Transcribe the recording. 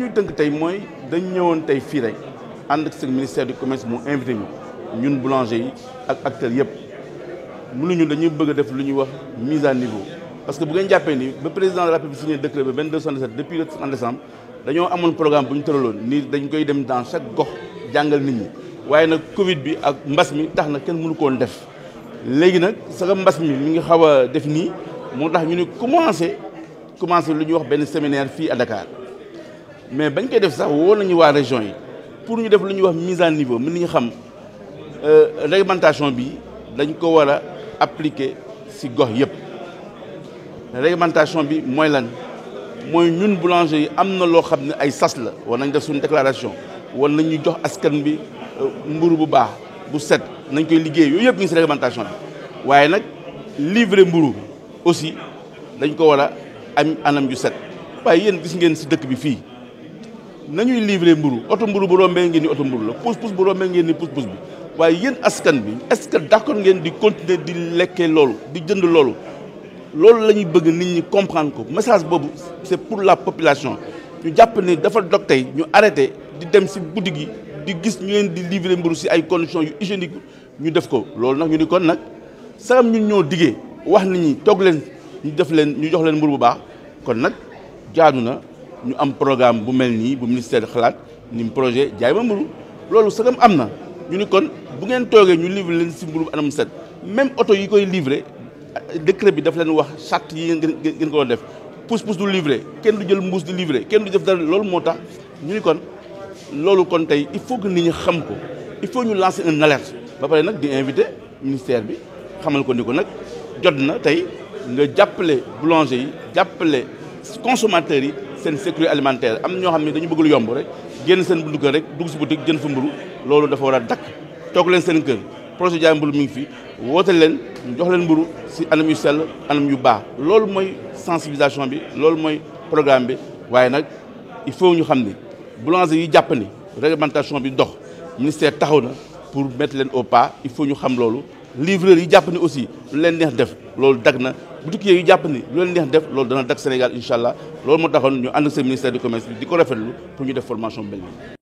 ñuy tënk tey mooy dañ ñëwoon tey fii rek ànd ak seen ministère du commerce mu invité ñu ñun boulanger yi ak acteurs yëpp mënuñu dañuy bëgg def lu ñuy wax mise à niveau parce que bu ngeen jàppee ni ba président de la République signé décret ba 22 77 depuis le 30 décembre dañoo amoon programme bu ñu tëraloon nii dañ koy dem dans chaque gox jàngal nit ñi waaye nag Covid bi ak mbas mi tax na kenn mënu koon def léegi nag saka mbas mi mi ngi xaw a def nii moo tax ñu ne commencé commencé lu ñuy wax benn séminaire fii à Dakar mais bañ koy def sax woo nañu waa région yi pour ñu def lu ñuy wax mise à niveau mën nañu xam euh, réglementation bi dañ ko war a appliquer ci gox yëpp réglementation bi mooy lan mooy ñun boulanger yi am na loo xam ne ay sas la war nañ def suñ déclaration war nañ ñu jox askan bi euh, mburu bu baax bu set nañ koy liggéey yooyu yëpp ñu ci réglementation bi waaye nag livrer mburu aussi dañ ko war a am anam ju set waaye yéen gis ngeen si dëkk bi fii nañuy livrer mburu oto mburu bu rombee ngeen ni oto mburu la pousse pousse bu rombee ngeen ni pousse pousse bi waaye yéen askan bi est-ce que d'accord ngeen di continuer di lekkee loolu di jënd loolu loolu lañuy bëgg nit ñi comprendre ko message boobu c'est pour la population ñu jàpp ne dafa dog tey ñu arrêté di dem ci boutique yi di gis ñu leen di livrer mburu si ay condition yu hygiénique ñu def ko loolu nag ñu ni kon nag sagam ñun ñoo diggee wax nit ñi toog leen ñu def leen ñu jox leen mburu bu baax kon nag jaadu na ñu am programme bu mel nii bu ministère xalaat ni projet jaay ma mburu loolu sëgam am na ñu ni kon bu ngeen toogee ñu livrer leen si mburu anam set même oto yi koy livrer décret bi daf leen wax charte yi ngeen ko def pousse pousse du livrer kenn du jël mbuus di livrer kenn du def dara loolu moo tax ñu ni kon loolu kon tey il faut que nit ñi xam ko il faut ñu lancer un alerte ba pare nag di invité ministère bi xamal ko ni ko nag jot na tey nga jàppale boulanger jàppale consommateurs yi seen sécurité alimentaire am na ñoo xam ne dañu bëgg lu rek génn seen buntu kër rek dugg si boutique jënd fa mburu loolu dafa war a dakk toog leen seen kër projet jaay mburu mi ngi fi woote leen jox leen mburu si anam yu sel anam yu baax loolu mooy sensibilisation bi loolu mooy programme bi waaye nag il faut ñu xam ni boulanger yi jàppandi ni bi ndox ministère taxaw na pour mettre leen au pas il faut ñu xam loolu livreur yi jàpp ni aussi lu leen neex def loolu dag na bu tukkee yu jàpp ni lu leen neex def loolu dana dak Sénégal incha allah loolu moo taxoon ñu ànd ak seen ministère du commerce bi di ko rafetlu pour ñu def formation bi mel